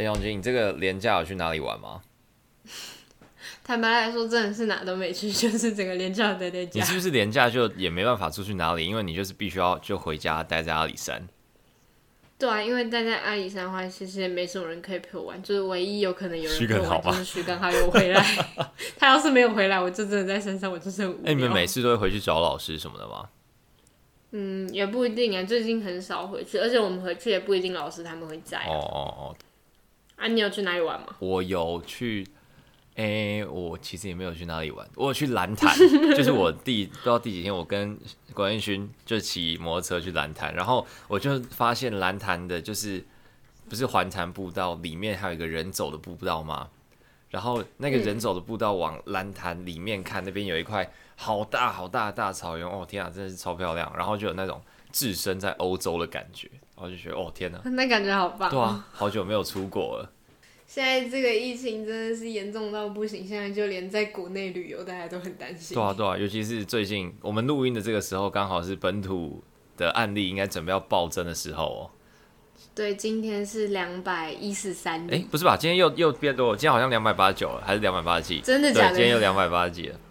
黑熊君，你這個連假有去哪裡玩嗎？坦白來說，真的是哪都沒去，就是整個連假待在家。你是不是連假就也沒辦法出去哪裡？因為你就是必須要就回家待在阿里山。對啊，因為待在阿里山的話，其實也沒什麼人可以陪我玩，就是唯一有可能有人徐根好吧，他、就、有、是、回來， 他要是沒有回來，我就真的在山上，我就是。哎、欸，你們每次都會回去找老師什麼的嗎？嗯，也不一定啊，最近很少回去，而且我們回去也不一定老師他們會在、啊。哦哦哦。哎、啊，你有去哪裡玩嗎？我有去。哎、欸，我其實也沒有去哪裡玩。我有去蘭潭。 就是我第不知道第幾天，我跟關彥勳就騎摩托車去蘭潭，然後我就發現蘭潭的，就是不是環潭步道，裡面還有一個人走的步道嗎？然後那個人走的步道往蘭潭裡面看，那邊有一塊好大好大的大草原，哦天啊，真的是超漂亮！然後就有那種置身在歐洲的感覺。我就覺得哦，天哪，那感覺好棒哦！對啊，好久沒有出國了。 現在這個疫情真的是嚴重到不行，現在就連在國內旅遊，大家都很擔心。對啊對啊，尤其是最近我們錄音的這個時候，剛好是本土的案例應該準備要暴增的時候哦。對，今天是兩百一十三，哎，不是吧？今天又又變多了，今天好像兩百八十九了，還是兩百八幾？真的假的？對，今天又兩百八幾了？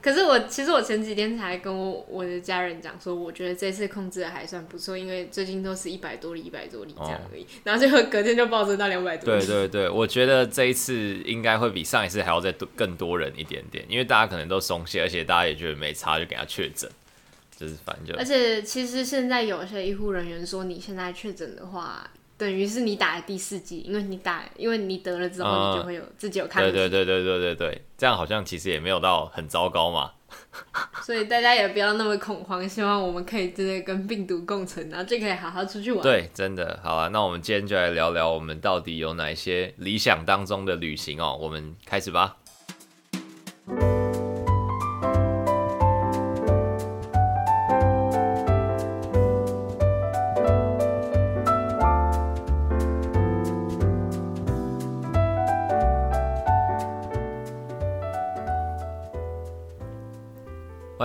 可是我其實我前幾天才跟我我的家人講說，我覺得這次控制的還算不錯，因為最近都是一百多例、一百多例這樣而已，哦，然後最後隔天就暴增到兩百多例。對對對，我覺得這一次應該會比上一次還要再多更多人一點點，因為大家可能都鬆懈，而且大家也覺得沒差就給他確診，就是反正就。而且其實現在有些醫護人員說，你現在確診的話。等於是你打的第四劑，因為你打，因為你得了之後，你就會有、嗯、自己有抗體。對對對對對對對，這樣好像其實也沒有到很糟糕嘛。所以大家也不要那麼恐慌，希望我們可以真的跟病毒共存，然後就可以好好出去玩。對，真的好啊。那我們今天就來聊聊我們到底有哪一些理想當中的旅行哦、喔，我們開始吧。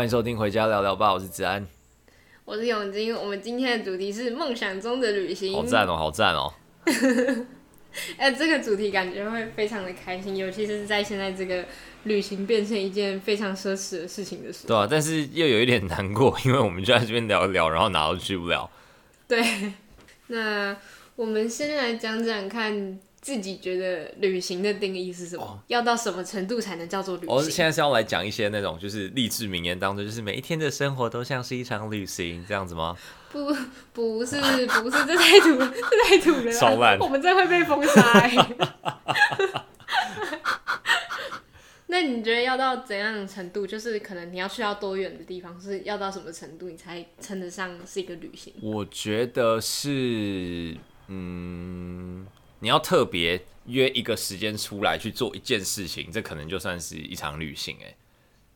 歡迎收聽《回家聊聊吧》，我是子安，我是永金。我們今天的主題是夢想中的旅行，好讚哦，好讚哦！哎、 欸，這個主題感覺會非常的開心，尤其是在現在這個旅行變成一件非常奢侈的事情的時候。對啊，但是又有一點難過，因為我們就在這邊聊一聊，然後哪都去不了。對，那我們先來講講看。自己覺得旅行的定義是什麼、哦？要到什麼程度才能叫做旅行？我、哦、現在是要來講一些那種就是勵志名言當中，就是每一天的生活都像是一場旅行這樣子嗎？不，不是，不是， 不是這太土，這 太土了。手懶，我們這會被封殺、欸。 那你覺得要到怎樣的程度？就是可能你要去到多遠的地方？是要到什麼程度你才稱得上是一個旅行？我覺得是，嗯。你要特別約一個時間出來去做一件事情，這可能就算是一場旅行、欸。哎，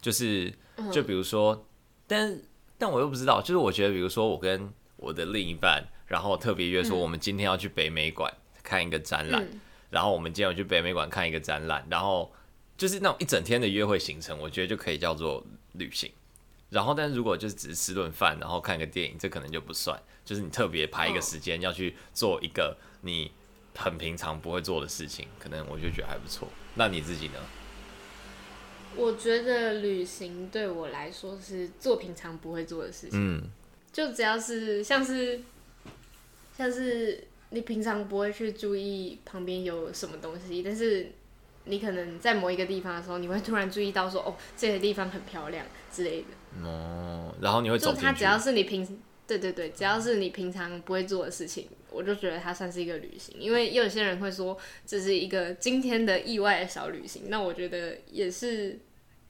就是，就比如說，嗯、但但我又不知道。就是我覺得，比如說，我跟我的另一半，然後特別約說，我們今天要去北美館看一個展覽、嗯。然後我們今天要去北美館看一個展覽、嗯，然後就是那種一整天的約會行程，我覺得就可以叫做旅行。然後，但是如果就是只是吃頓飯，然後看個電影，這可能就不算。就是你特別排一個時間要去做一個你。哦很平常不會做的事情，可能我就覺得還不錯。那你自己呢？我覺得旅行對我來說是做平常不會做的事情。嗯，就只要是像是像是你平常不會去注意旁邊有什麼東西，但是你可能在某一個地方的時候，你會突然注意到說哦，這個地方很漂亮之類的。哦，然後你會走過去。它只要是你平對，對對對，只要是你平常不會做的事情。嗯我就覺得它算是一個旅行，因為也有些人會說這是一個今天的意外的小旅行。那我覺得也是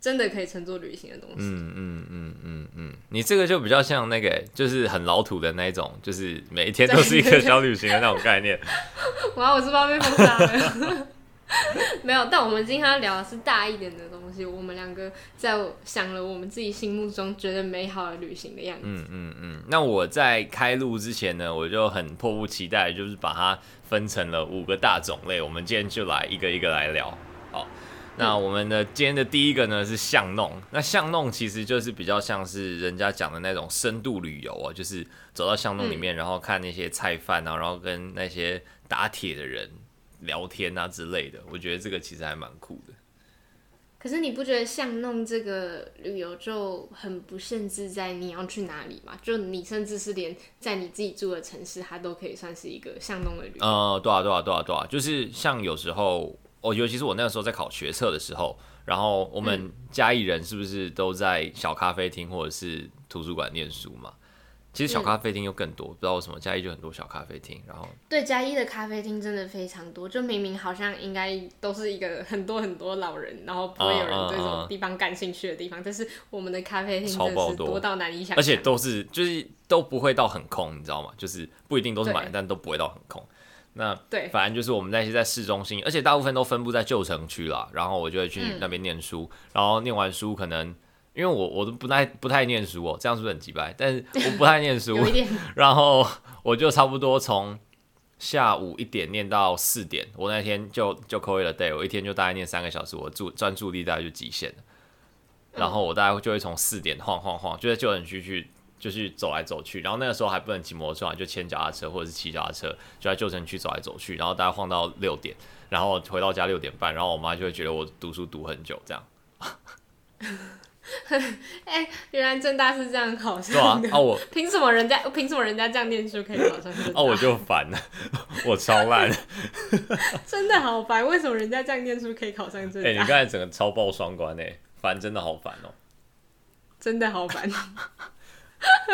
真的可以稱作旅行的東西。嗯嗯嗯嗯嗯，你這個就比較像那個，就是很老土的那種，就是每一天都是一個小旅行的那種概念。對對對 哇，我是不是被封殺了？ 沒有，但我們今天要聊的是大一點的東西。我們兩個在想了我們自己心目中覺得美好的旅行的樣子。嗯嗯嗯。那我在開錄之前呢，我就很迫不及待，就是把它分成了五個大種類。我們今天就來一個一個，一個來聊。好，那我們的、嗯、今天的第一個呢是巷弄。那巷弄其實就是比較像是人家講的那種深度旅遊啊，就是走到巷弄裡面，嗯、然後看那些菜販啊，然後跟那些打鐵的人。聊天啊之類的，我覺得這個其實還蠻酷的。可是你不覺得巷弄這個旅遊就很不限制，在你要去哪裡嘛？就你甚至是連在你自己住的城市，它都可以算是一個巷弄的旅遊。呃，對啊，對啊，對啊，對啊，就是像有時候，我、哦、尤其是我那個時候在考學測的時候，然後我們嘉義人是不是都在小咖啡廳或者是圖書館念書嘛？嗯其實小咖啡廳又更多、嗯，不知道為什麼嘉義，就很多小咖啡廳，然後對，嘉義的咖啡廳真的非常多，就明明好像應該都是一個很多很多老人，然後不會有人對這種地方感興趣的地方，啊啊啊啊，但是我們的咖啡廳真的是多到難以想象，而且都是就是都不會到很空，你知道嗎？就是不一定都是滿，但都不會到很空。那對，反正就是我們那些在市中心，而且大部分都分布在舊城區啦，然後我就會去那邊念書，嗯、然後念完書可能。因為我我都不太不太念書哦，這樣是不是很奇怪？但是我不太念書， 然後我就差不多從下午一點念到四點，我那天就就 call it a day，我一天就大概念三個小時，我注專注力大概就極限了。然後我大概就會從四點晃晃晃，就在舊城區去就去走來走去。然後那個時候還不能騎摩托車，就牽腳踏車或者是騎腳踏車，就在舊城區走來走去。然後大概晃到六點，然後回到家六點半，然後我媽就會覺得我讀書讀很久這樣。 哎、 欸，原來正大是這樣考上的。對啊，我。憑什麼人家憑什麼人家這樣念書可以考上正大？哦、 啊，我就煩了，我超爛。 真的好煩，為什麼人家這樣念書可以考上正大？哎、欸，你剛才整個超爆雙關呢、欸，煩真的好煩哦、喔，真的好煩。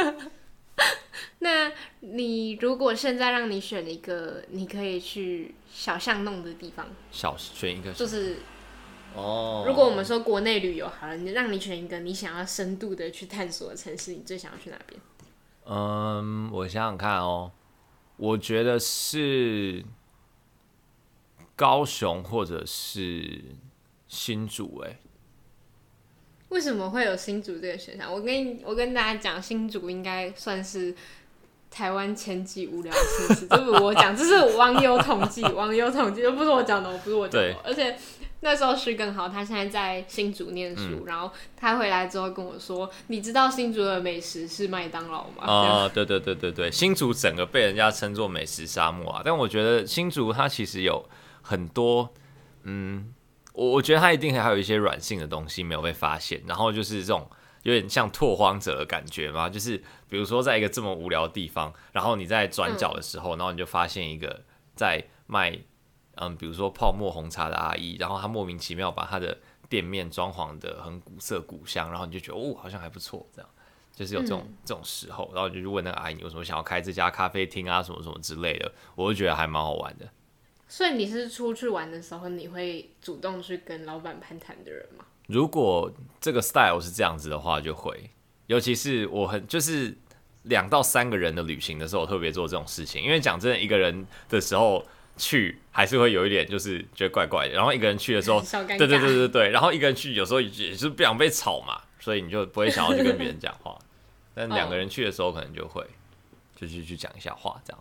那你如果現在讓你選一個，你可以去小巷弄的地方，小選一個就是。哦，如果我們說國內旅遊好了，你讓你選一個你想要深度的去探索的城市，你最想要去哪邊？嗯，我想想看哦，我覺得是高雄或者是新竹欸。哎，為什麼會有新竹這個選項？我跟你，我跟大家講，新竹應該算是台灣前幾無聊城市， 這是我講，這是網友統計，網 友統計又不是我講的，我不是我講的，對，而且。那時候是更好，他現在在新竹念書，嗯、然後他回來之後跟我說，你知道新竹的美食是麥當勞嗎？哦，對對對對對，新竹整個被人家稱作美食沙漠啊，但我覺得新竹它其實有很多，嗯，我我覺得它一定還還有一些軟性的東西沒有被發現，然後就是這種有點像拓荒者的感覺嘛，就是比如說在一個這麼無聊的地方，然後你在轉角的時候，嗯、然後你就發現一個在賣。嗯，比如說泡沫紅茶的阿姨，然後她莫名其妙把她的店面裝潢得很古色古香，然後你就覺得哦，好像還不錯，這樣就是有這種、嗯、這種時候，然後我就問那個阿姨有什麼想要開這家咖啡廳啊，什麼什麼之類的，我就覺得還蠻好玩的。所以你是出去玩的時候，你會主動去跟老闆攀談的人嗎？如果這個 style 是這樣子的話，就會，尤其是我很就是兩到三個人的旅行的時候，我特別做這種事情，因為講真的，一個人的時候。嗯去還是會有一點，就是覺得怪怪的。然後一個人去的時候，對對,對對對對對。然後一個人去，有時候也是不想被吵嘛，所以你就不會想要去跟別人講話。 但兩個人去的時候，可能就會就是去講一下話，這樣。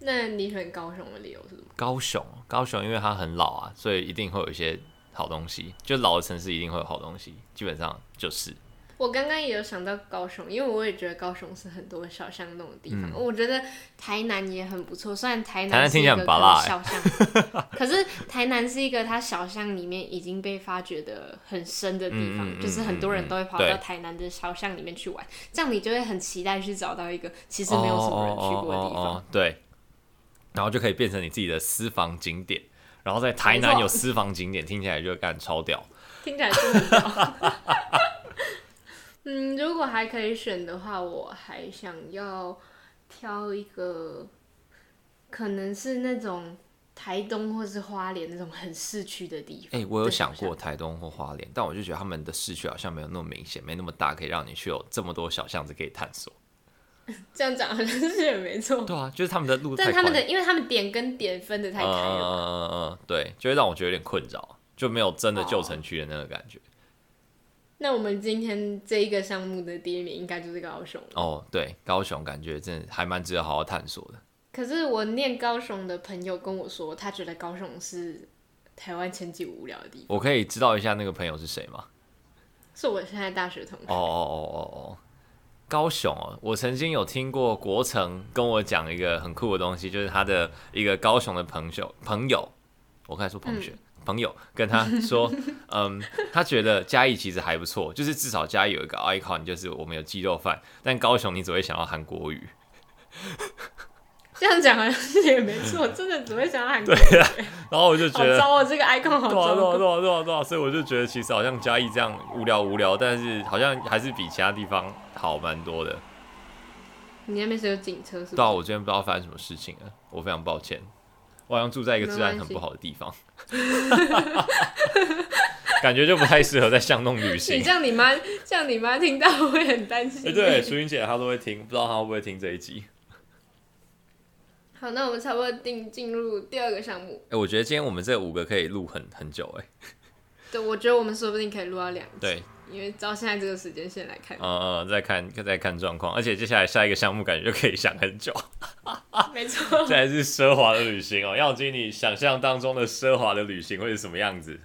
那你選高雄的理由是什麼？高雄，高雄，因為他很老啊，所以一定會有一些好東西。就老的城市一定會有好東西，基本上就是。我剛剛也有想到高雄，因為我也覺得高雄是很多小巷那種地方。嗯、我覺得台南也很不錯，雖然台南是一個，個小巷、欸，可是台南是一個它小巷裡面已經被發掘的很深的地方、嗯，就是很多人都會跑到台南的小巷裡面去玩、嗯，這樣你就會很期待去找到一個其實沒有什麼人去過的地方。哦哦哦哦哦，對，然後就可以變成你自己的私房景點。然後在台南有私房景點，聽起來就會感覺超屌，聽起來超 嗯，如果還可以選的話，我還想要挑一個，可能是那種台東或是花蓮那種很市區的地方。哎、欸，我有想過台東或花蓮，但我就覺得他們的市區好像沒有那麼明顯，沒那麼大，可以讓你去有這麼多小巷子可以探索。這樣講好像是也沒錯。對啊，就是他們的路，但他們的，因為他們點跟點分的太開了，嗯，對，就會讓我覺得有點困擾，就沒有真的舊城區的那個感覺。哦。那我們今天這一個項目的第一名應該就是高雄哦，對，高雄感覺真的還蠻值得好好探索的。可是我念高雄的朋友跟我說，他覺得高雄是台灣前幾無聊的地方。我可以知道一下那個朋友是誰嗎？是我現在大學同學。哦哦哦哦哦，高雄哦、啊，我曾經有聽過國成跟我講一個很酷的東西，就是他的一個高雄的朋友，朋友，我可以說同學。嗯朋友跟他說：“ 嗯，他覺得嘉義其實還不錯，就是至少嘉義有一個 icon，就是我們有雞肉飯。但高雄，你只會想要韓國瑜。 這樣講好像也沒錯，真的只會想要韓國瑜。對啊，然後我就覺得，招我、哦、這個 icon 好糟糕，對啊，對啊，對啊，對啊，對啊，所以我就覺得，其實好像嘉義這樣無聊，無聊，但是好像還是比其他地方好蠻多的。你那邊是有警車是不是？不知道，我今天不知道發生什麼事情了，我非常抱歉。”我好像住在一個治安很不好的地方， 感覺就不太適合在巷弄旅行你你。你這樣，你媽，這樣你媽聽到會很擔心。哎，對，淑雲姐她都會聽，不知道她會不會聽這一集。好，那我們差不多進進入第二個項目。哎、欸，我覺得今天我們這五個可以錄很很久哎、欸。對，我覺得我們說不定可以錄到兩集。對。因為照現在這個時間線來看，嗯，嗯，嗯再看再看狀況，而且接下來下一個項目感覺就可以想很久， 沒錯，再來是奢華的旅行哦、喔，耀基，你想象當中的奢華的旅行會是什麼樣子？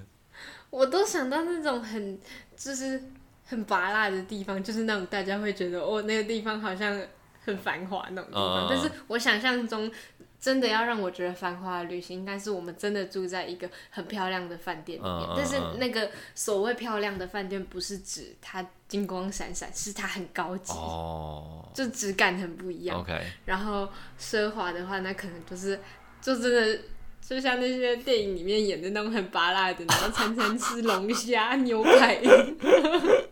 我都想到那種很就是很拔辣的地方，就是那種大家會覺得哦，那個地方好像很繁華那種地方，嗯、但是我想象中真的要讓我覺得繁華的旅行，應該是我們真的住在一個很漂亮的飯店裡面，嗯嗯嗯。但是那個所謂漂亮的飯店，不是指它金光閃閃，是它很高級，哦，就質感很不一樣。Okay，然後奢華的話，那可能就是就真的就像那些電影裡面演的那種很巴辣的，然後餐餐吃龍蝦 牛排。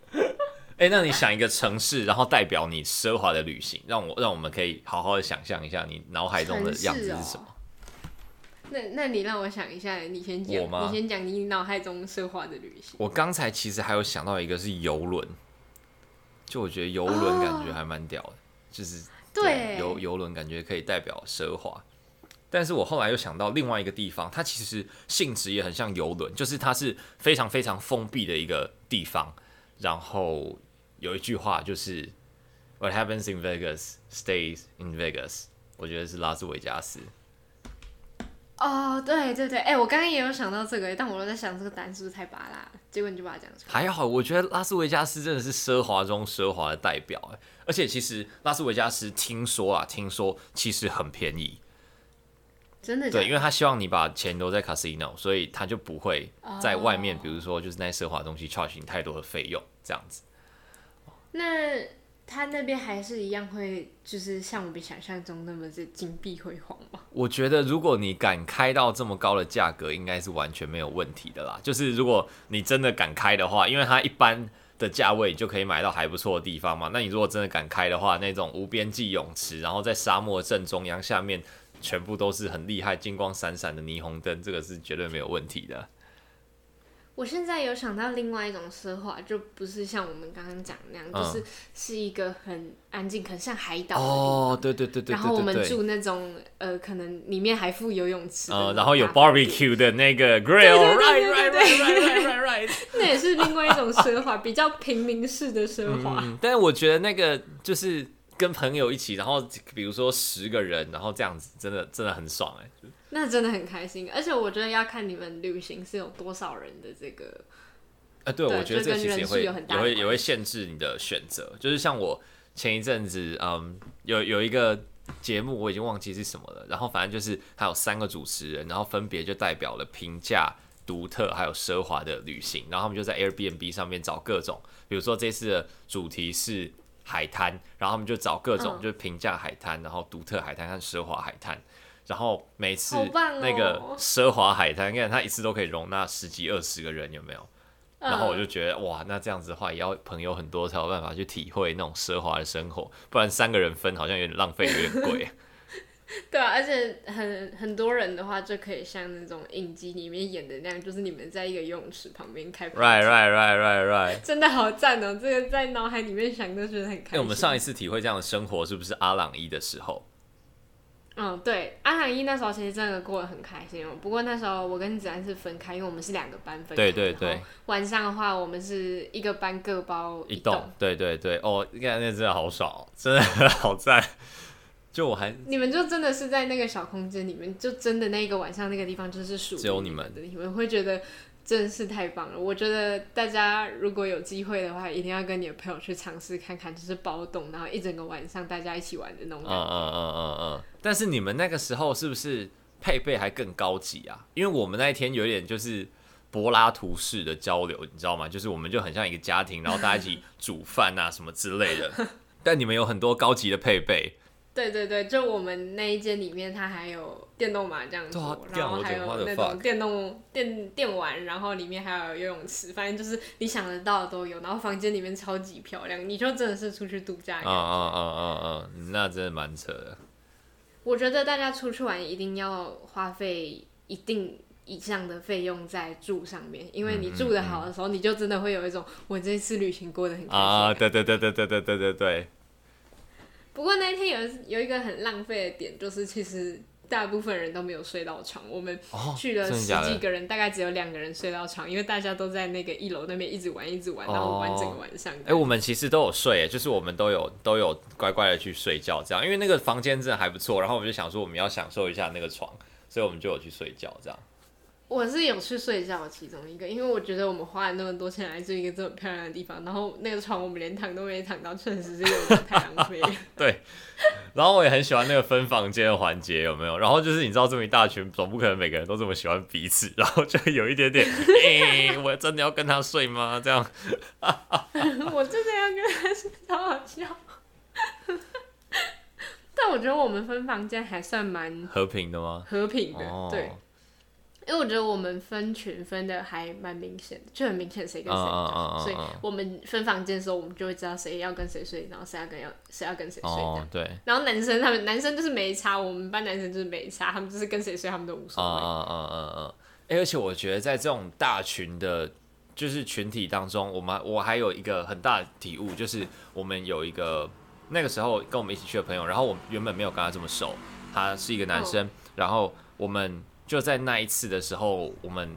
哎、欸，那你想一個城市，然後代表你奢華的旅行，讓我讓我們可以好好的想象一下你腦海中的樣子是什麼？哦、那那你讓我想一下，你先講，你先講你腦海中奢華的旅行。我剛才其實還有想到一個是遊輪，就我覺得遊輪感覺還蠻屌的，哦、就是對遊遊輪感覺可以代表奢華。但是我後來又想到另外一個地方，它其實性質也很像遊輪，就是它是非常非常封閉的一個地方，然後。有一句話就是 "What happens in Vegas stays in Vegas"，我覺得是拉斯維加斯。哦，對對對，哎，我剛剛也有想到這個，但我又在想這個單是不是太芭樂？結果你就把它講出來。還好，我覺得拉斯維加斯真的是奢華中奢華的代表，哎，而且其實拉斯維加斯聽說啊，聽說其實很便宜。真的？對，因為他希望你把錢留在 casino，所以他就不會在外面，比如說就是那奢華東西 charge 你太多的費用，這樣子。那他那邊還是一樣會，就是像我們想象中那麼是金碧輝煌嗎？我覺得如果你敢開到這麼高的價格，應該是完全沒有問題的啦。就是如果你真的敢開的話，因為它一般的價位就可以買到還不錯的地方嘛。那你如果真的敢開的話，那種無邊際泳池，然後在沙漠正中央下面，全部都是很厲害、金光閃閃的霓虹燈，這個是絕對沒有問題的。我現在有想到另外一種奢華，就不是像我們剛剛講那樣、哦，就是是一個很安靜，很像海島哦，對對對對，然後我們住那種呃，可能裡面還附游泳池，呃，然後有 barbecue 的那個 grill，對對對 right 那也是另外一種奢華，比較平民式的奢華。嗯、但是我覺得那個就是。跟朋友一起，然後比如說十個人，然後這樣子，真的真的很爽哎！那真的很開心，而且我覺得要看你們旅行是有多少人的這個。啊、對，對，我覺得這其實也會有很大也會也會限制你的選擇。就是像我前一陣子，嗯，有有一個節目，我已經忘記是什麼了。然後反正就是還有三個主持人，然後分別就代表了平價、獨特還有奢華的旅行。然後他們就在 Airbnb 上面找各種，比如說這次的主題是。海灘，然後他們就找各種，就是平價海灘、嗯，然後獨特海灘，和奢華海灘，然後每次那個奢華海灘，你、哦、看他一次都可以容納十幾二十個人，有沒有？嗯、然後我就覺得哇，那這樣子的話，也要朋友很多才有辦法去體會那種奢華的生活，不然三個人分好像有點浪費，有點貴。 對啊，而且很很多人的話就可以像那種影集裡面演的那樣，就是你們在一個游泳池旁邊開派對。Right, right, right, right, right。真的好讚哦！這個在腦海裡面想都覺得很開心。因為我們上一次體會這樣的生活是不是阿朗一的時候？嗯、哦，對，阿朗一那時候其實真的過得很開心哦。不過那時候我跟子安是分開，因為我們是兩個班分開。對對對。然後晚上的話，我們是一個班各包一棟。對對對，哦，那那真的好爽哦，真的好讚。就我還你們就真的是在那個小空間裡面，就真的那一個晚上那個地方就是屬於只有你們，你們會覺得真的是太棒了。我覺得大家如果有機會的話，一定要跟你的朋友去嘗試看看，就是包棟，然後一整個晚上大家一起玩的東西。嗯嗯嗯嗯嗯，但是你們那個時候是不是配備還更高級啊？因為我們那一天有點就是柏拉圖式的交流，你知道嗎？就是我們就很像一個家庭，然後大家一起煮飯啊什麼之類的。 但你們有很多高級的配備。對對對，就我們那一間裡面，它還有電動麻將桌，然後還有那種電動電電玩，然後裡面還有游泳池，反正就是你想得到的都有。然後房間裡面超級漂亮，你就真的是出去度假一樣、哦哦哦哦哦哦。啊啊啊啊那真的蠻扯的。我覺得大家出去玩一定要花費一定以上的費用在住上面，因為你住的好的時候，你就真的會有一種我這次旅行過得很開心。嗯嗯哦哦。對對對，對，對，對，對，對，對。不過那一天有有一個很浪費的點，就是其實大部分人都沒有睡到床。我們去了十幾個人，哦、真的假的，大概只有兩個人睡到床，因為大家都在那個一樓那邊一,一直玩，一直玩，然後玩整個晚上哎、欸，我們其實都有睡，哎，就是我們都有都有乖乖的去睡覺，這樣，因為那個房間真的還不錯，然後我們就想說我們要享受一下那個床，所以我們就有去睡覺這樣。我是有去睡覺，其中一個，因為我覺得我們花了那麼多錢來住一個這麼漂亮的地方，然後那個床我們連躺都沒躺到，確實是有，有太陽被。 對，然後我也很喜歡那個分房間的環節，有沒有？然後就是你知道這麼一大群，總不可能每個人都這麼喜歡彼此，然後就有一點點，哎、欸，我真的要跟他睡嗎？這樣， 我真的要跟他睡，超好笑。 但我覺得我們分房間還算蠻和，和平的嗎？和平的，對。因為我覺得我們分群分的還蠻明顯的，就很明顯誰跟誰，uh, uh, uh, uh, uh. 所以我們分房間的時候，我們就會知道誰要跟誰睡，然後誰要跟誰，誰要跟誰睡這樣、uh, 對。然後男生他們男生就是沒差，我們班男生就是沒差，他們就是跟誰睡，他們都無所謂。嗯嗯嗯嗯。哎，而且我覺得在這種大群的，就是群體當中，我們我還有一個很大的體悟，就是我們有一個那個時候跟我們一起去的朋友，然後我原本沒有跟他這麼熟，他是一個男生，oh. 然後我們。就在那一次的時候，我們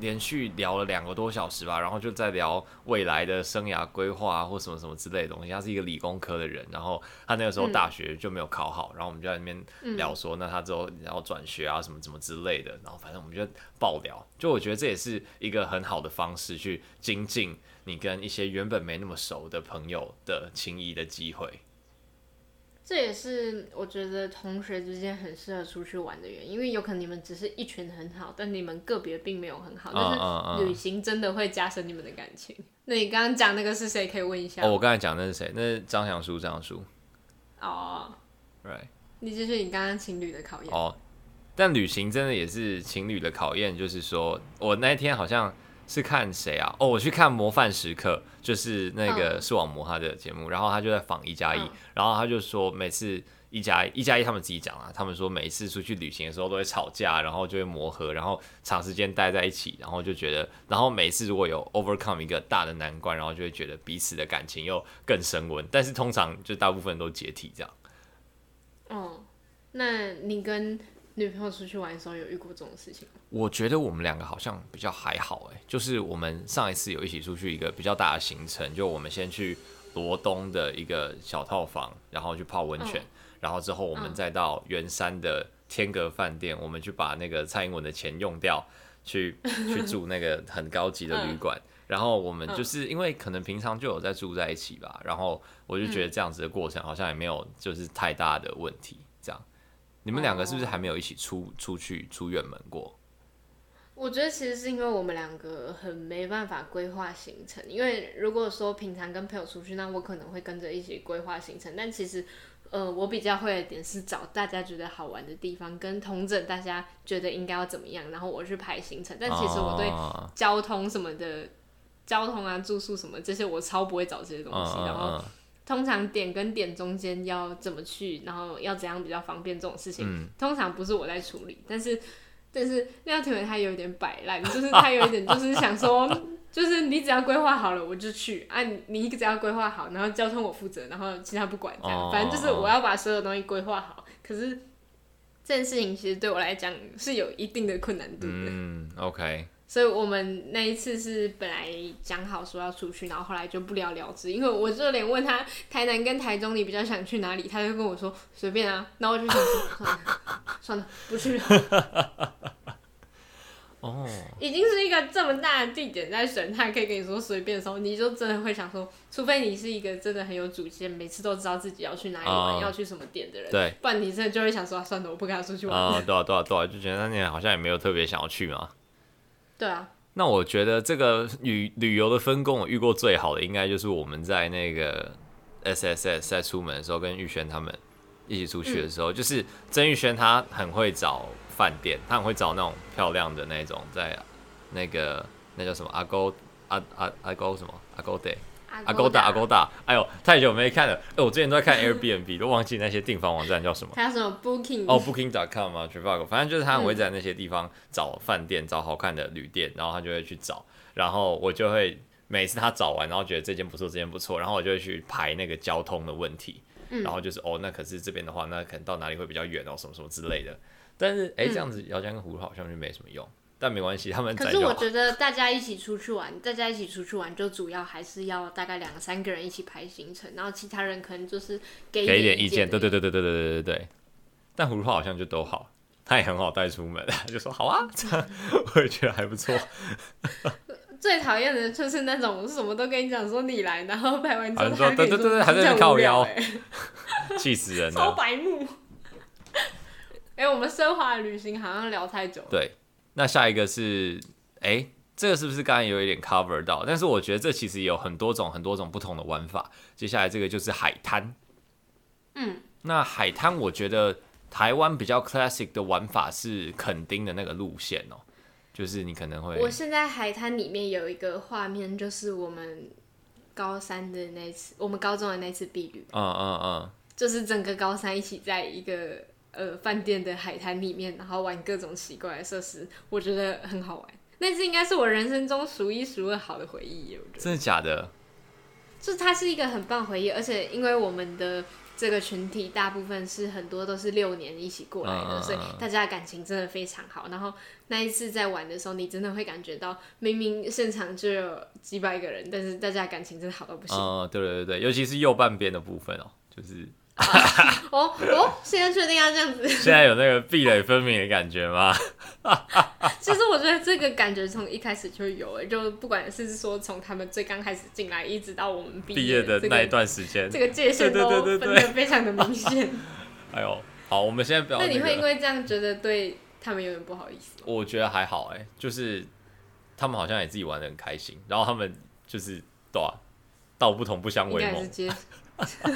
連續聊了兩個多小時吧，然後就在聊未來的生涯規劃啊或什麼什麼之類的東西。他是一個理工科的人，然後他那個時候大學就沒有考好，然後我們就在那邊聊說，那他之後然後轉學啊什麼什麼之類的。然後反正我們就爆聊，就我覺得這也是一個很好的方式去精進你跟一些原本沒那麼熟的朋友的情誼的機會。這也是我覺得同學之間很適合出去玩的原因，因為有可能你們只是一群很好，但你們個別並沒有很好。但是旅行真的會加深你們的感情。Oh, oh, oh. 那你剛剛講那個是誰？可以問一下。Oh, 我剛才講的是誰？那是張祥叔，張祥叔。哦。Right。你就是你剛剛情侶的考驗。哦，Oh，但旅行真的也是情侶的考驗，就是說我那一天好像。是看誰啊？哦、oh，我去看模範時刻，就是那個視網膜他的節目，嗯，然後他就在訪一加一，然後他就說每次一加一，一加一他們自己講啊，他們說每次出去旅行的時候都會吵架，然後就會磨合，然後長時間待在一起，然後就覺得，然後每次如果有 overcome 一個大的難關，然後就會覺得彼此的感情又更升溫，但是通常就大部分都解體這樣。哦，那你跟？女朋友出去玩的時候有遇過這種事情嗎？我覺得我們兩個好像比較還好誒、欸，就是我們上一次有一起出去一個比較大的行程，就我們先去羅東的一個小套房，然後去泡溫泉，oh. 然後之後我們再到圓山的天閣飯店，oh. 我們去把那個蔡英文的錢用掉，去去住那個很高級的旅館， 然後我們就是因為可能平常就有在住在一起吧，然後我就覺得這樣子的過程好像也沒有就是太大的問題，這樣。你們兩個是不是還沒有一起出、oh. 出去出遠門過？我覺得其實是因為我們兩個很沒辦法規劃行程。因為如果說平常跟朋友出去，那我可能會跟着一起規劃行程。但其實，呃，我比較會一點是找大家覺得好玩的地方，跟統整大家覺得應該要怎麼樣，然後我去排行程。但其實我對交通什麼的、oh. 交通啊、住宿什麼這些，我超不會找這些東西。Oh. 然後。通常點跟點中間要怎麼去，然後要怎樣比較方便這種事情，嗯、通常不是我在處理。但是，但是廖庭偉他有點擺爛，就是他有一點就是想說， 就是你只要規劃好了我就去啊，你你只要規劃好，然後交通我負責，然後其他不管這樣哦哦哦，反正就是我要把所有東西規劃好。可是這件事情其實對我來講是有一定的困難度的。嗯，OK。所以我們那一次是本來講好說要出去，然後後來就不了了之。因為我就連問他台南跟台中你比較想去哪裡？他就跟我說隨便啊，那我就想說， 算了，算了，不去了。哦 ，oh. 已經是一個這麼大的地點在選，他可以跟你說隨便的時候，你就真的會想說，除非你是一個真的很有主見，每次都知道自己要去哪裡玩，oh. 要去什麼點的人，oh. 不然你真的就會想說，oh. 算了，我不跟他出去玩。了、oh.。啊」對啊，對啊，對啊，就覺得那年好像也沒有特別想要去嘛。對啊，那我覺得這個旅旅遊的分工，我遇過最好的應該就是我們在那個 S S S 在出門的時候，跟玉軒他們一起出去的時候，嗯，就是曾玉軒他很會找飯店，他很會找那種漂亮的，那種，在那個那叫什麼阿高阿阿阿高什麼 Agoda。Agoda、Agoda，哎呦太久沒看了，哎、欸、我之前都在看 Airbnb， 都忘記那些訂房網站叫什麼？他叫什麼 Booking？哦、oh, Booking.com 嗎、啊？Trivago，反正就是他會在那些地方找飯店、嗯，找好看的旅店，然後他就會去找，然後我就會每次他找完，然後覺得這間不錯，這間不錯，然後我就會去排那個交通的問題，嗯、然後就是哦那可是這邊的話，那可能到哪裡會比較遠哦，什麼什麼之類的，但是哎、欸、這樣子姚江湖胡好像就沒什麼用。但沒關係，他們可是我覺得大家一起出去玩， 大家一起出去玩就主要還是要大概兩三個人一起排行程，然後其他人可能就是給一點意見，意見，對對對對對對對對，但胡炮好像就都好，他也很好帶出門，就說好啊， 我也覺得還不錯。最討厭的就是那種什麼都跟你講，說你來，然後拍完之後他給說很無聊，氣死人，超白目。哎、 欸，我們奢華的旅行好像聊太久了，對。那下一個是，哎、欸，這個是不是剛剛有一點 cover 到？但是我覺得這其實有很多種、很多種不同的玩法。接下來這個就是海灘，嗯，那海灘我覺得台灣比較 classic 的玩法是墾丁的那個路線哦，就是你可能會……我現在海灘裡面有一個畫面，就是我們高三的那次，我們高中的那次畢旅，嗯嗯嗯，就是整個高三一起在一個。呃，飯店的海灘裡面，然後玩各種奇怪的設施，我覺得很好玩。那次應該是我人生中數一數二好的回憶，我覺得。真的假的？就它是一個很棒回憶，而且因為我們的這個群體大部分是很多都是六年一起過來的，嗯啊、所以大家的感情真的非常好。然後那一次在玩的時候，你真的會感覺到，明明現場就有幾百個人，但是大家的感情真的好到不行。啊、嗯，對對對對，尤其是右半邊的部分哦，就是。哦哦，現在確定要這樣子？現在有那個壁壘分明的感覺嗎？ 其實我覺得這個感覺從一開始就有了，就不管是說從他們最剛開始進來，一直到我們畢業的、這個、畢業的那一段時間，這個界限都分得非常的明顯。對對對對對。 哎呦，好，我們現在不要、這個。那你會因為這樣覺得對他們有點不好意思？我覺得還好、欸，哎，就是他們好像也自己玩得很開心，然後他們就是對道、啊、道不同不相為謀。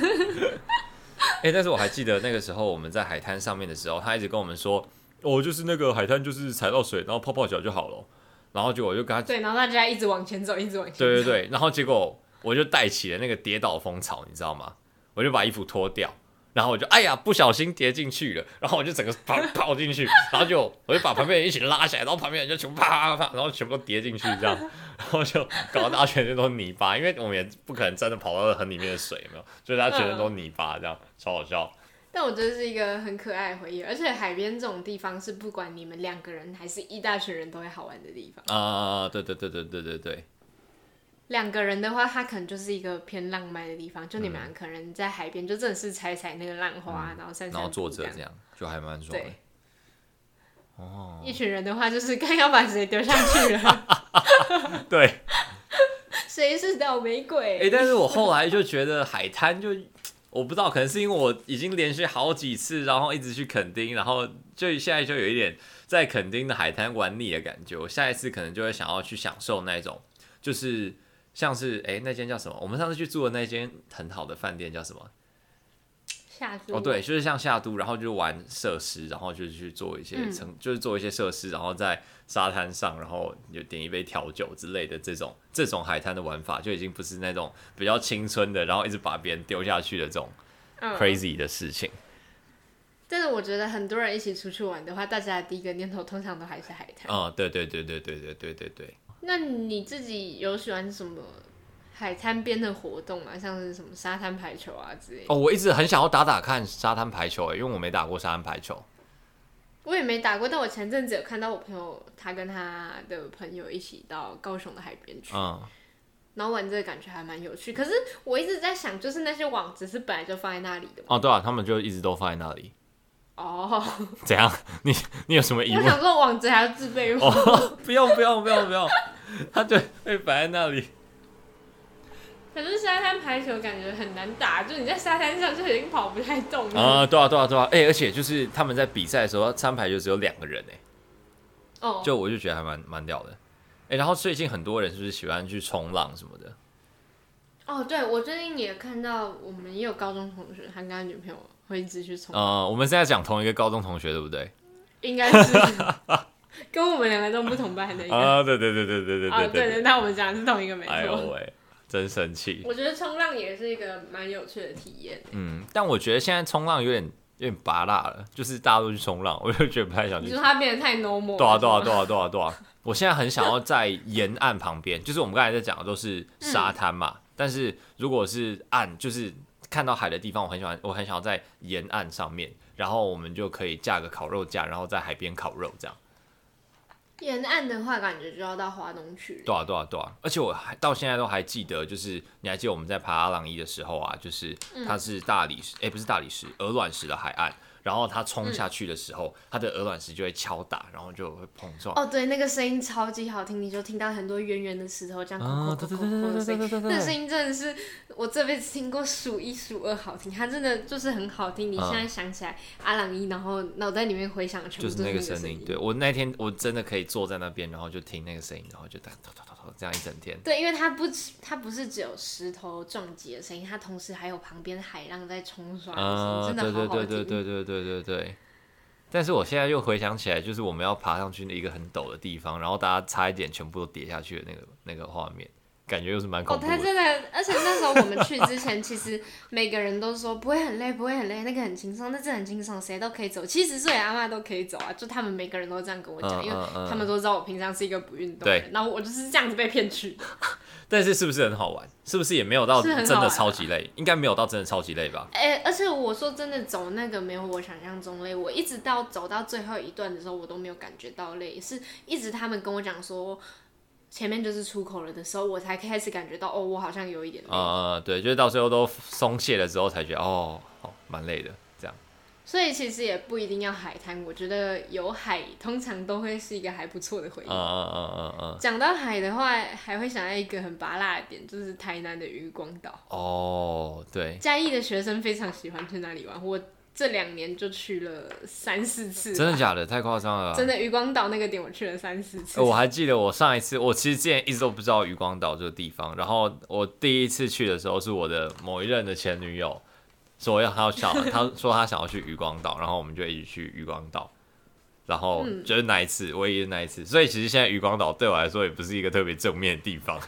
哎、欸，但是我還記得那個時候我們在海灘上面的時候，他一直跟我們說，哦，就是那個海灘就是踩到水，然後泡泡腳就好了，然後就我就跟他對，然後大家一直往前走，一直往前走，對對對，然後結果我就帶起了那個跌倒風潮，你知道嗎？我就把衣服脫掉。然後我就哎呀，不小心跌進去了，然後我就整個跑跑進去，然後就我就把旁邊人一起拉起來，然後旁邊人就全部啪啪啪，然後全部都跌進去這樣，然後就搞得大家全身都泥巴，因為我們也不可能真的跑到很裡面的水，所以大家全身都泥巴，這樣超好笑。但我覺得是一個很可愛的回憶，而且海邊這種地方是不管你們兩個人還是一大群人都會好玩的地方。啊啊啊！對對對對對對對。兩個人的話，他可能就是一個偏浪漫的地方，嗯、就你們可能在海邊就真的是踩踩那個浪花，嗯、然後散散然後坐着，這樣就還蠻爽的。對，哦，oh. 一群人的話就是看要把誰丟下去了。 對，誰是倒霉鬼？哎、欸，但是我後來就覺得海灘就 我不知道，可能是因為我已經連續好幾次，然後一直去墾丁，然後就現在就有一點在墾丁的海灘玩膩的感覺。我下一次可能就會想要去享受那種就是。像是哎、欸，那間叫什麼？我們上次去住的那間很好的飯店叫什麼？夏都哦，對，就是像夏都，然後就玩設施，然後就去做一些成，嗯、就是做一些設施，然後在沙灘上，然後就點一杯調酒之類的這種這種海灘的玩法，就已經不是那種比較青春的，然後一直把別人丟下去的這種 crazy 的事情、嗯。但是我覺得很多人一起出去玩的話，大家的第一個念頭通常都還是海灘。哦、嗯，對對對對對對對對對。那你自己有喜歡什麼海灘邊的活動啊？像是什麼沙灘排球啊之類的？哦，我一直很想要打打看沙灘排球、欸，誒，因為我沒打過沙灘排球，我也沒打過。但我前陣子有看到我朋友他跟他的朋友一起到高雄的海邊去，嗯，然後玩這個感覺還蠻有趣。可是我一直在想，就是那些網子是本來就放在那裡的嗎？哦，對啊，他們就一直都放在那裡。哦、oh,，怎樣？你你有什麼意思，我想做網子還要自備哦、oh,，不用不用不用不用。 他對，會擺在那裡。可是沙灘排球感覺很難打，就是你在沙灘上就已經跑不太動了、uh, 對啊！對啊對啊對啊！哎、欸，而且就是他們在比賽的時候，三排就只有兩個人哎、欸。哦、oh.。就我就覺得還蠻蠻屌的。哎、欸，然後最近很多人是不是喜歡去衝浪什麼的？哦、oh,，對，我最近也看到，我們也有高中同學他跟他女朋友。衝。呃，我們現在講同一個高中同學，對不對？應該是 跟我們兩個都不同班的。啊 ，uh, 對對對對對對，、oh, 對對對對對對對。對對，那我們講的是同一個，沒錯。哎呦喂，真神奇。我覺得衝浪也是一個蠻有趣的體驗。嗯，但我覺得現在衝浪有點有點，有點拔辣了，就是大家都去衝浪，我就覺得不太想去。你說它變得太 normal。多少多少多少多少多少？我現在很想要在沿岸旁邊，就是我們剛才在講的都是沙灘嘛。嗯、但是如果是岸，就是。看到海的地方，我很喜歡，我很想要在岩岸上面，然後我們就可以架個烤肉架，然後在海邊烤肉這樣。岩岸的話，感覺就要到花東去。對啊，對啊，對啊。而且我還到現在都還記得，就是你還記得我們在爬阿朗壹的時候啊，就是它是大理石、嗯，誒，不是大理石，鵝卵石的海岸。然後它沖下去的時候，它、嗯、的鵝卵石就會敲打，然後就會碰撞。哦，對，那個聲音超級好聽，你就聽到很多圓圓的石頭這樣咕、啊、的聲音，對對對對對對對那個、聲音真的是我這輩子聽過數一數二好聽，它真的就是很好聽。嗯、你現在想起來阿朗壹，然後腦袋裡面回響、就是、就是那個聲音。對我那天我真的可以坐在那邊，然後就聽那個聲音，然後就噠噠噠噠這樣一整天。對，因為它不它不是只有石頭撞擊的聲音，它同時還有旁邊的海浪在沖刷的聲音，真的好好聽。嗯、對，對，對，對，對對對對對對。對對對，但是我現在又回想起來，就是我們要爬上去的一個很陡的地方，然後大家差一點全部都跌下去的那個那個畫面。感覺又是蠻恐怖的。Oh, 他真的，而且那時候我們去之前， 其實每個人都說不會很累，不會很累，那個很輕鬆，那是、個、很輕鬆，誰都可以走。七十歲阿嬤都可以走啊，就他們每個人都這樣跟我講、嗯嗯，因為他們都知道我平常是一個不運動人。對，然後我就是這樣子被騙去。但是是不是很好玩？是不是也沒有到真的超級累？應該沒有到真的超級累吧？哎、欸，而且我說真的，走那個沒有我想象中累。我一直到走到最後一段的時候，我都沒有感覺到累，是一直他們跟我講說。前面就是出口了的時候，我才開始感覺到，哦，我好像有一點。啊、嗯嗯、對，就是到最後都鬆懈了之後，才覺得，哦，好、哦，蠻累的，這樣。所以其實也不一定要海灘，我覺得有海通常都會是一個還不錯的回憶。講、嗯嗯嗯嗯嗯、到海的話，還會想到一個很拔辣的點，就是台南的漁光島。哦，對。嘉義的學生非常喜歡去那裡玩，我。這兩年就去了三四次，真的假的？太誇張了！真的，漁光島那個點我去了三四次。我還記得我上一次，我其實之前一直都不知道漁光島這個地方。然後我第一次去的時候，是我的某一任的前女友說要他想，他說他想要去漁光島，然後我們就一起去漁光島。然後就是那一次，唯一的那一次。所以其實現在漁光島對我來說也不是一個特別正面的地方，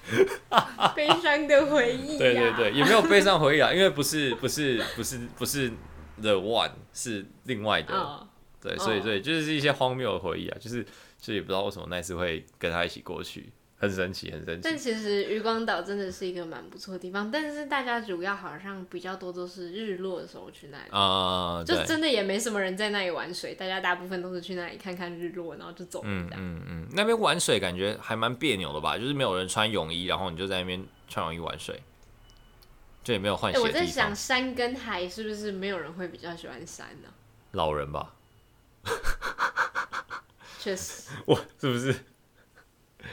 悲傷的回憶，啊。對對對，也沒有悲傷回憶啊，因為不是不是不是不是。不是不是 The one 是另外的，oh, 對，所以對，就是一些荒謬的回憶啊，oh. 就是就也不知道為什麼那次會跟他一起過去，很神奇，很神奇。但其實漁光島真的是一個蠻不錯的地方，但是大家主要好像比較多都是日落的時候去那裡，啊，oh，就真的也沒什麼人在那裡玩水，大家大部分都是去那裡看看日落，然後就走了。嗯嗯嗯，那邊玩水感覺還蠻彆扭的吧，就是沒有人穿泳衣，然後你就在那邊穿泳衣玩水。就也沒有換鞋。欸、我在想，山跟海是不是沒有人會比較喜歡山呢？啊。老人吧， 確實。我是不是？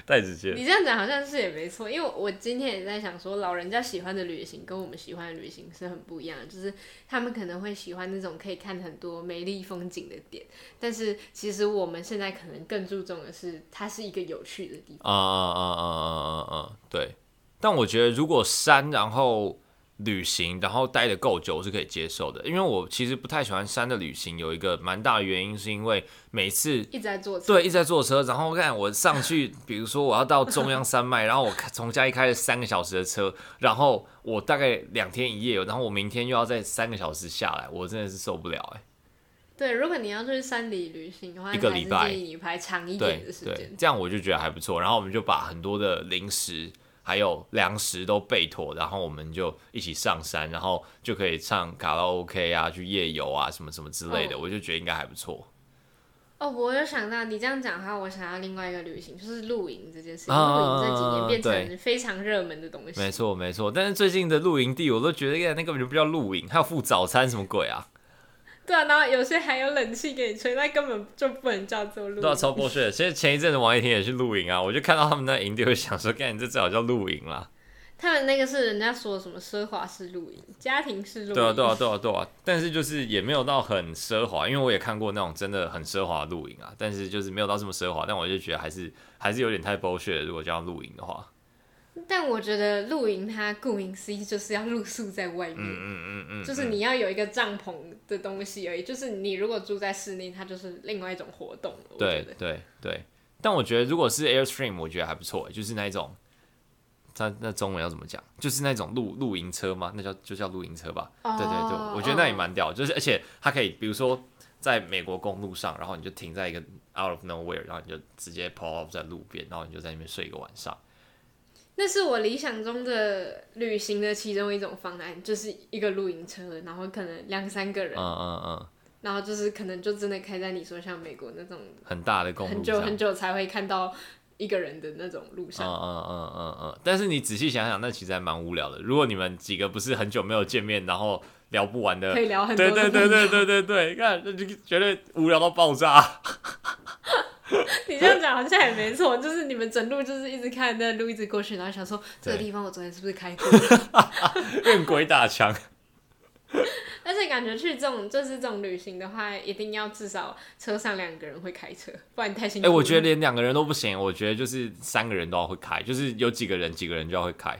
戴子健，你這樣講好像是也沒錯，因為我今天也在想說，老人家喜歡的旅行跟我們喜歡的旅行是很不一樣的，就是他們可能會喜歡那種可以看很多美麗風景的點，但是其實我們現在可能更注重的是它是一個有趣的地方。啊啊啊啊啊啊啊。對。但我覺得如果山，然後。旅行，然後待得夠久我是可以接受的，因為我其實不太喜歡山的旅行，有一個蠻大的原因是因為每次一直在坐車，對，一直在坐車。然後看我上去， 比如說我要到中央山脈，然後我從家裡開了三個小時的車，然後我大概兩天一夜，然後我明天又要再三個小時下來，我真的是受不了哎。對，如果你要去山裡旅行的話，一個禮拜，排長一點的時間，這樣我就覺得還不錯。然後我們就把很多的零食。還有糧食都備妥，然後我們就一起上山，然後就可以唱卡拉 OK 啊，去夜遊啊，什麼什麼之類的，哦、我就覺得應該還不錯。哦，我有想到你這樣講的話，我想要另外一個旅行，就是露營這件事情。啊、露營這幾年變成非常熱門的東西，沒錯沒錯。但是最近的露營地，我都覺得耶，那根本就不叫露營，還要付早餐，什麼鬼啊？對啊，然後有些還有冷氣給你吹，那根本就不能叫做露營。對啊，超剝削的。其實前一陣子王一婷也去露營啊，我就看到他們那營地，會想說，幹 你這至少叫露營啦，啊。他們那個是人家說什麼奢華式露營、家庭式露營。對啊，對啊，對啊，對啊。但是就是也沒有到很奢華，因為我也看過那種真的很奢華露營啊。但是就是沒有到這麼奢華，但我就覺得還是還是有點太剝削，如果這樣露營的話。但我覺得露營它顧名思義就是要露宿在外面、嗯嗯嗯，就是你要有一個帳篷的東西而已。就是你如果住在室內，它就是另外一種活動了。對對對，但我覺得如果是 Airstream，我覺得還不錯，就是那一種，在那中文要怎麼講？就是那種露露營車嗎？那叫就，就叫露營車吧。Oh. 對對對，我覺得那也蠻屌，就是、oh. 而且它可以，比如說在美國公路上，然後你就停在一個 out of nowhere，然後你就直接 pull off 在路邊，然後你就在那邊睡一個晚上。那是我理想中的旅行的其中一種方案，就是一個露營車，然後可能兩三個人，嗯嗯嗯，然後就是可能就真的開在你說像美國那種很，很大的公路，很久很久才會看到一個人的那種路上，嗯嗯嗯嗯嗯，但是你仔細想想，那其實還蠻無聊的。如果你們幾個不是很久沒有見面，然後聊不完的，可以聊很多，對對，對對對對對對對， 你看那就絕對無聊到爆炸。 你這樣講好像也沒錯，就是你們整路就是一直看那路一直過去，然後想說這個地方我昨天是不是開過，變 鬼打牆。 但是感覺去這種就是這種旅行的話，一定要至少車上兩個人會開車，不然你太辛苦。哎、欸，我覺得連兩個人都不行，我覺得就是三個人都要會開，就是有幾個人幾個人就要會開。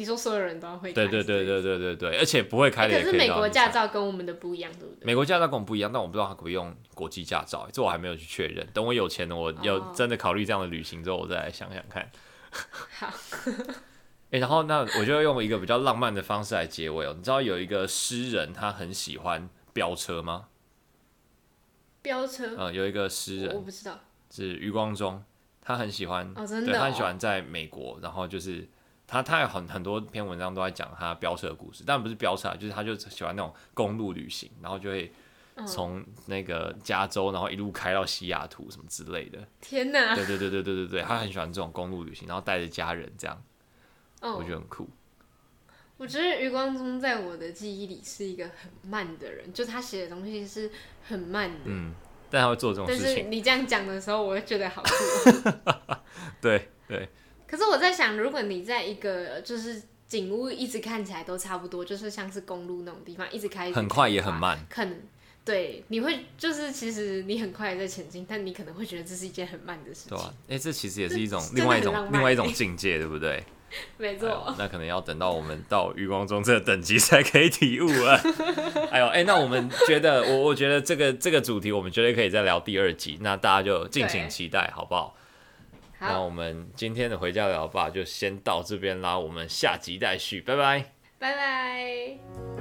你說所有人都要會開是不是？對對對對對對對而且不會開的也可以，可是美國駕照跟我們的不一樣，對不對？美國駕照跟我們不一樣，但我不知道他可以用國際駕照，這我還沒有去確認。等我有錢了，我有真的考慮這樣的旅行之後，哦、我再來想想看。好。哎， 然後那我就用一個比較浪漫的方式來結尾哦。你知道有一個詩人他很喜歡飆車嗎？飆車？嗯、呃，有一個詩人、哦，我不知道，是余光中，他很喜歡、哦哦、對他很喜歡在美國，然後就是。他他有很很多篇文章都在講他飆車的故事，但不是飆車啊，就是他就喜歡那種公路旅行，然後就會從那個加州，然後一路開到西雅圖什麼之類的。天哪！對對對對對對對，他很喜歡這種公路旅行，然後帶着家人這樣，哦，我覺得很酷。我覺得余光中在我的記憶裡是一個很慢的人，就他寫的東西是很慢的。嗯，但他會做這種事情。但是你這樣講的時候，我會覺得好酷 。對對。可是我在想，如果你在一個就是景物，一直看起來都差不多，就是像是公路那種地方，一直開，一直開，很快也很慢，可能對，你會就是其實你很快在前進，但你可能會覺得這是一件很慢的事情。對、啊，哎、欸，這其實也是一種另外一種、欸、另外一種境界，對不對？沒錯、哎。那可能要等到我們到余光中這個等級才可以體悟啊。 哎呦，哎、欸，那我們覺得我我覺得這個這個主題，我們絕對可以再聊第二集，那大家就敬請期待，好不好？那我們今天的回家聊吧，就先到這邊啦。我們下集待續，拜拜，拜拜。